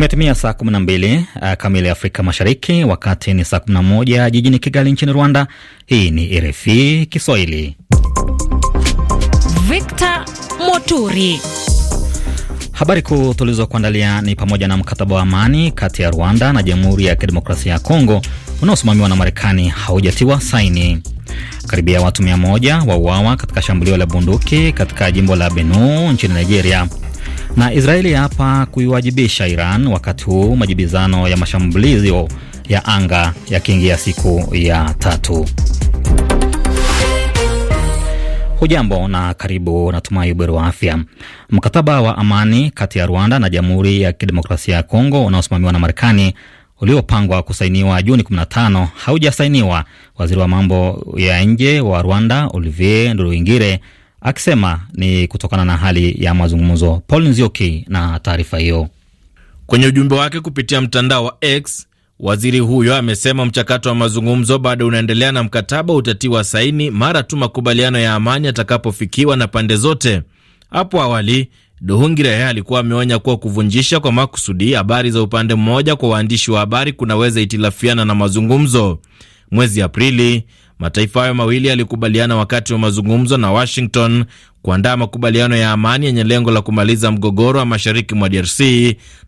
Imetimia saa 12 uh, kamili Afrika Mashariki, wakati ni saa 11 jijini Kigali nchini Rwanda. Hii ni RFI Kiswahili. Victor Moturi. Habari kuu tulizokuandalia ni pamoja na mkataba wa amani kati ya Rwanda na Jamhuri ya Kidemokrasia ya Kongo unaosimamiwa na Marekani haujatiwa saini. Karibia watu mia moja wauawa katika shambulio la bunduki katika jimbo la Benue nchini Nigeria. Na Israeli hapa kuiwajibisha Iran, wakati huu majibizano ya mashambulizi ya anga yakiingia ya siku ya tatu. Hujambo na karibu, natumai uberu wa afya. Mkataba wa amani kati ya Rwanda na Jamhuri ya Kidemokrasia ya Kongo unaosimamiwa na Marekani uliopangwa kusainiwa Juni 15 haujasainiwa. Waziri wa mambo ya nje wa Rwanda Olivier Nduruingire akisema ni kutokana na hali ya mazungumzo. Paul Nzioki na taarifa hiyo. Kwenye ujumbe wake kupitia mtandao wa X, waziri huyo amesema mchakato wa mazungumzo bado unaendelea na mkataba utatiwa saini mara tu makubaliano ya amani yatakapofikiwa na pande zote. Hapo awali Duhungire alikuwa ameonya kuwa kuvunjisha kwa makusudi habari za upande mmoja kwa waandishi wa habari kunaweza itilafiana na mazungumzo. Mwezi Aprili, Mataifa hayo mawili yalikubaliana wakati wa mazungumzo na Washington kuandaa makubaliano ya amani yenye lengo la kumaliza mgogoro wa mashariki mwa DRC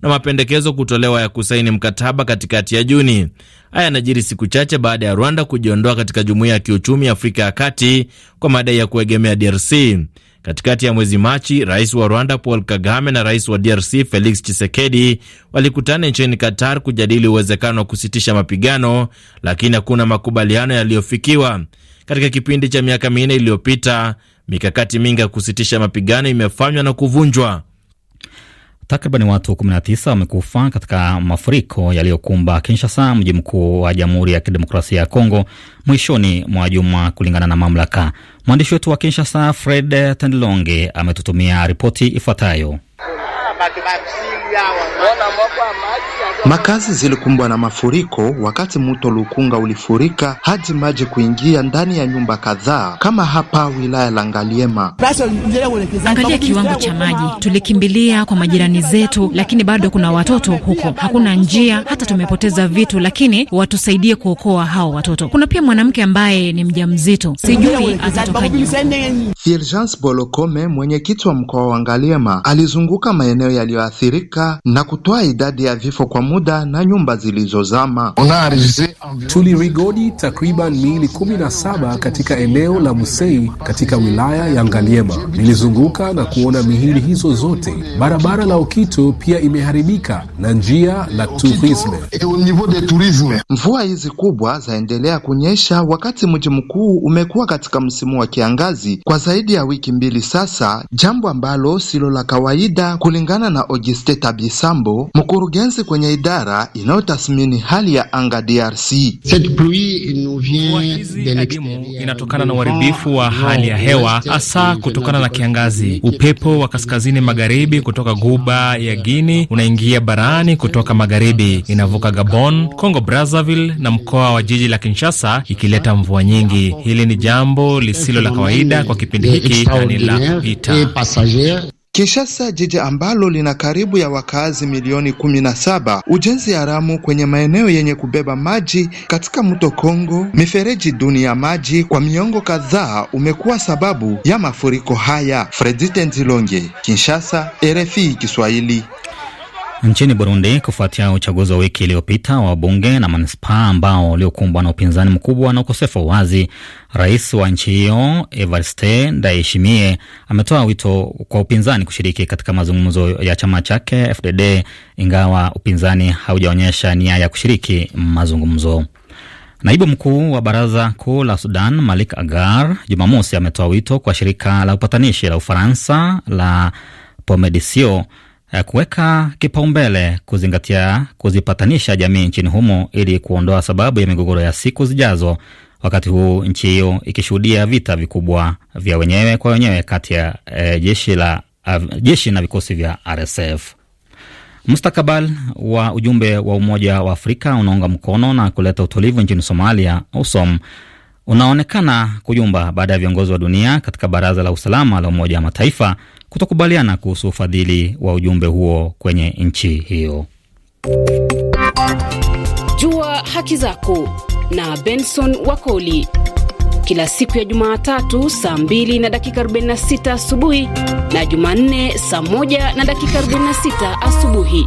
na mapendekezo kutolewa ya kusaini mkataba katikati ya Juni. Haya yanajiri siku chache baada ya Rwanda kujiondoa katika jumuiya ya kiuchumi Afrika ya Kati kwa madai ya kuegemea DRC. Katikati ya mwezi Machi, rais wa Rwanda Paul Kagame na rais wa DRC Felix Tshisekedi walikutana nchini Qatar kujadili uwezekano wa kusitisha mapigano, lakini hakuna makubaliano yaliyofikiwa. Katika kipindi cha miaka minne iliyopita, mikakati mingi ya kusitisha mapigano imefanywa na kuvunjwa. Takriban watu 19 wamekufa katika mafuriko yaliyokumba Kinshasa, mji mkuu wa Jamhuri ya Kidemokrasia ya Kongo, mwishoni mwa juma, kulingana na mamlaka. Mwandishi wetu wa Kinshasa, Fred tendlonge ametutumia ripoti ifuatayo. Makazi zilikumbwa na mafuriko wakati mto Lukunga ulifurika hadi maji kuingia ndani ya nyumba kadhaa kama hapa wilaya la Ngaliema. Angalia kiwango cha maji, tulikimbilia kwa majirani zetu, lakini bado kuna watoto huko, hakuna njia, hata tumepoteza vitu, lakini watusaidie kuokoa hao watoto. Kuna pia mwanamke ambaye ni mjamzito, sijui atatokaje. Fulgence Bolokome, mwenyekiti wa mkoa wa Ngaliema, alizunguka maeneo maeneo yaliyoathirika na kutoa idadi ya vifo kwa muda na nyumba zilizozama. Tulirigodi takriban miili 17 katika eneo la Musei katika wilaya ya Ngaliema. Nilizunguka na kuona mihili hizo zote. Barabara la Okito pia imeharibika na njia la Turisme. Mvua hizi kubwa zaendelea kunyesha wakati mji mkuu umekuwa katika msimu wa kiangazi kwa zaidi ya wiki mbili sasa, jambo ambalo silo la kawaida kulingana Kulingana na Ogiste Tabisambo, mkurugenzi kwenye idara inayotathmini hali ya anga DRC, mvua hizi adimu inatokana na uharibifu wa hali ya hewa, hasa kutokana na kiangazi. Upepo wa kaskazini magharibi kutoka guba ya Guini unaingia barani kutoka magharibi, inavuka Gabon, Congo Brazzaville na mkoa wa jiji la Kinshasa, ikileta mvua nyingi. Hili ni jambo lisilo la kawaida kwa kipindi hiki na ni la vita Kinshasa, jiji ambalo lina karibu ya wakaazi milioni 17 ujenzi haramu kwenye maeneo yenye kubeba maji katika mto Kongo, mifereji duni ya maji kwa miongo kadhaa umekuwa sababu ya mafuriko haya. Fredite Nzilonge, Kinshasa, RFI Kiswahili. Nchini Burundi, kufuatia uchaguzi wa wiki iliyopita wa bunge na manispaa ambao uliokumbwa na upinzani mkubwa na ukosefu wa uwazi, rais wa nchi hiyo Evariste Ndayishimiye ametoa wito kwa upinzani kushiriki katika mazungumzo ya chama chake FDD, ingawa upinzani haujaonyesha nia ya kushiriki mazungumzo. Naibu mkuu wa baraza kuu la Sudan Malik Agar Jumamosi ametoa wito kwa shirika la upatanishi la Ufaransa la Pomedisio kuweka kipaumbele kuzingatia kuzipatanisha jamii nchini humo ili kuondoa sababu ya migogoro ya siku zijazo, wakati huu nchi hiyo ikishuhudia vita vikubwa vya wenyewe kwa wenyewe kati ya e, jeshi la ah, jeshi na vikosi vya RSF. Mustakabal wa ujumbe wa Umoja wa Afrika unaunga mkono na kuleta utulivu nchini Somalia, USOM, unaonekana kuyumba baada ya viongozi wa dunia katika Baraza la Usalama la Umoja wa Mataifa kutokubaliana kuhusu ufadhili wa ujumbe huo kwenye nchi hiyo. Jua haki zako na Benson Wakoli kila siku ya Jumatatu saa 2 na dakika 46 asubuhi na Jumanne saa 1 na dakika 46 asubuhi.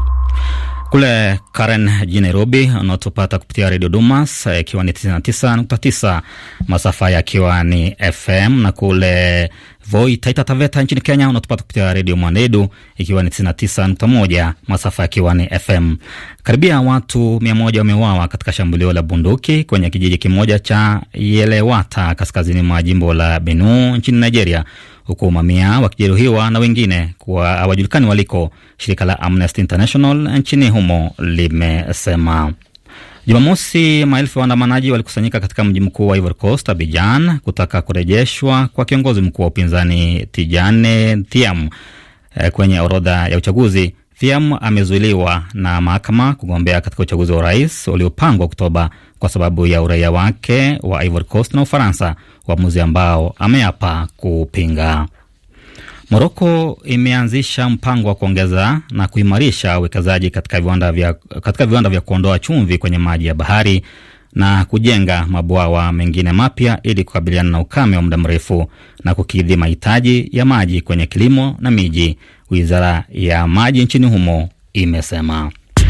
Kule Karen jijini Nairobi unaotupata kupitia redio Dumas eh, ikiwa ni 99.9 masafa yakiwa ni FM, na kule Voi Taita Taveta nchini Kenya unatupata kupitia redio Mwanedu ikiwa ni 99.1 masafa yakiwa ni FM. Karibia watu mia moja wameuawa katika shambulio la bunduki kwenye kijiji kimoja cha Yelewata kaskazini mwa jimbo la Benue nchini Nigeria, huku mamia wakijeruhiwa na wengine kuwa hawajulikani waliko, shirika la Amnesty International nchini humo limesema. Jumamosi, maelfu ya waandamanaji walikusanyika katika mji mkuu wa Ivory Coast, Abidjan, kutaka kurejeshwa kwa kiongozi mkuu wa upinzani Tijane Thiam eh, kwenye orodha ya uchaguzi. Thiam amezuiliwa na mahakama kugombea katika uchaguzi wa urais uliopangwa Oktoba kwa sababu ya uraia wake wa Ivory Coast na Ufaransa, uamuzi ambao ameapa kupinga. Moroko imeanzisha mpango wa kuongeza na kuimarisha uwekezaji katika viwanda vya, katika viwanda vya kuondoa chumvi kwenye maji ya bahari na kujenga mabwawa mengine mapya ili kukabiliana na ukame wa muda mrefu na kukidhi mahitaji ya maji kwenye kilimo na miji, wizara ya maji nchini humo imesema.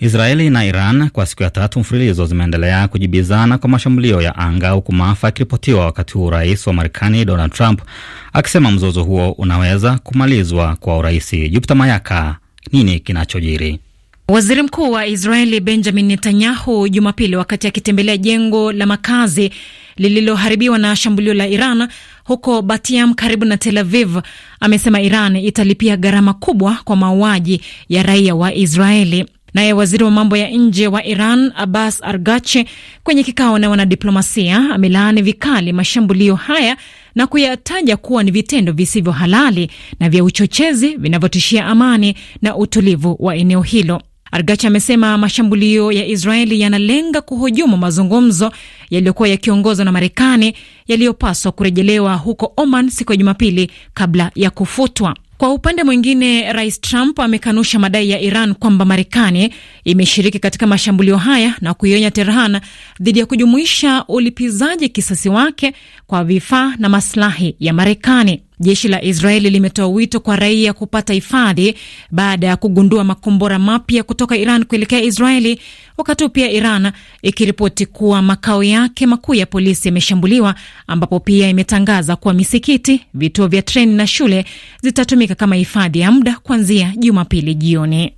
Israeli na Iran kwa siku ya tatu mfululizo zimeendelea kujibizana kwa mashambulio ya anga huku maafa yakiripotiwa, wakati huu rais wa Marekani Donald Trump akisema mzozo huo unaweza kumalizwa kwa urahisi. Jupita Mayaka, nini kinachojiri? Waziri Mkuu wa Israeli Benjamin Netanyahu Jumapili, wakati akitembelea jengo la makazi lililoharibiwa na shambulio la Iran huko Batiam karibu na Tel Aviv, amesema Iran italipia gharama kubwa kwa mauaji ya raia wa Israeli. Naye waziri wa mambo ya nje wa Iran Abbas Argache kwenye kikao na wanadiplomasia amelaani vikali mashambulio haya na kuyataja kuwa ni vitendo visivyo halali na vya uchochezi vinavyotishia amani na utulivu wa eneo hilo. Argachi amesema mashambulio ya Israeli yanalenga kuhujumu mazungumzo yaliyokuwa yakiongozwa na Marekani yaliyopaswa kurejelewa huko Oman siku ya Jumapili kabla ya kufutwa. Kwa upande mwingine, Rais Trump amekanusha madai ya Iran kwamba Marekani imeshiriki katika mashambulio haya na kuionya Tehran dhidi ya kujumuisha ulipizaji kisasi wake kwa vifaa na maslahi ya Marekani. Jeshi la Israeli limetoa wito kwa raia kupata hifadhi baada ya kugundua makombora mapya kutoka Iran kuelekea Israeli, wakati huu pia Iran ikiripoti kuwa makao yake makuu ya polisi yameshambuliwa, ambapo pia imetangaza kuwa misikiti, vituo vya treni na shule zitatumika kama hifadhi ya muda kuanzia Jumapili jioni.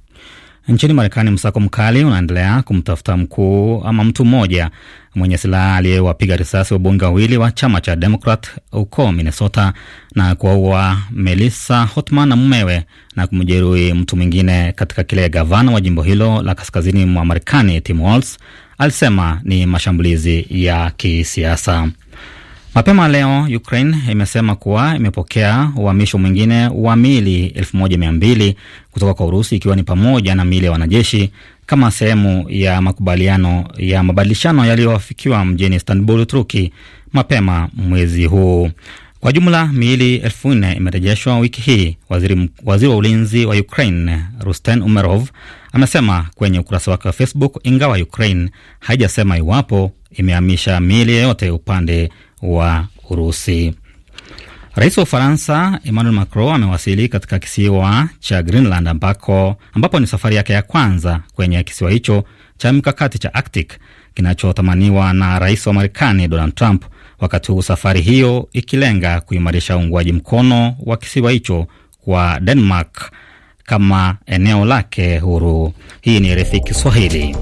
Nchini Marekani, msako mkali unaendelea kumtafuta mkuu ama mtu mmoja mwenye silaha aliyewapiga risasi wabunge wawili wa chama cha Demokrat huko Minnesota na kuwaua Melissa Hotman na mumewe na kumjeruhi mtu mwingine katika kile gavana wa jimbo hilo la kaskazini mwa Marekani Tim Walz alisema ni mashambulizi ya kisiasa. Mapema leo Ukraine imesema kuwa imepokea uhamisho mwingine wa mili mbili kutoka kwa Urusi, ikiwa ni pamoja na mili ya wanajeshi kama sehemu ya makubaliano ya mabadilishano yaliyoafikiwa mjini Istanbul, Uturuki, mapema mwezi huu. Kwa jumla miili elfu nne imerejeshwa wiki hii, waziri, waziri wa ulinzi wa Ukraine Rusten Umerov amesema kwenye ukurasa wake wa Facebook, ingawa Ukraine haijasema iwapo imehamisha miili yoyote upande wa Urusi. Rais wa Ufaransa Emmanuel Macron amewasili katika kisiwa cha Greenland ambako, ambapo ni safari yake ya kwanza kwenye kisiwa hicho cha mikakati cha Arctic kinachothamaniwa na rais wa Marekani Donald Trump, wakati huu safari hiyo ikilenga kuimarisha uungwaji mkono wa kisiwa hicho kwa Denmark kama eneo lake huru. Hii ni RFI Kiswahili.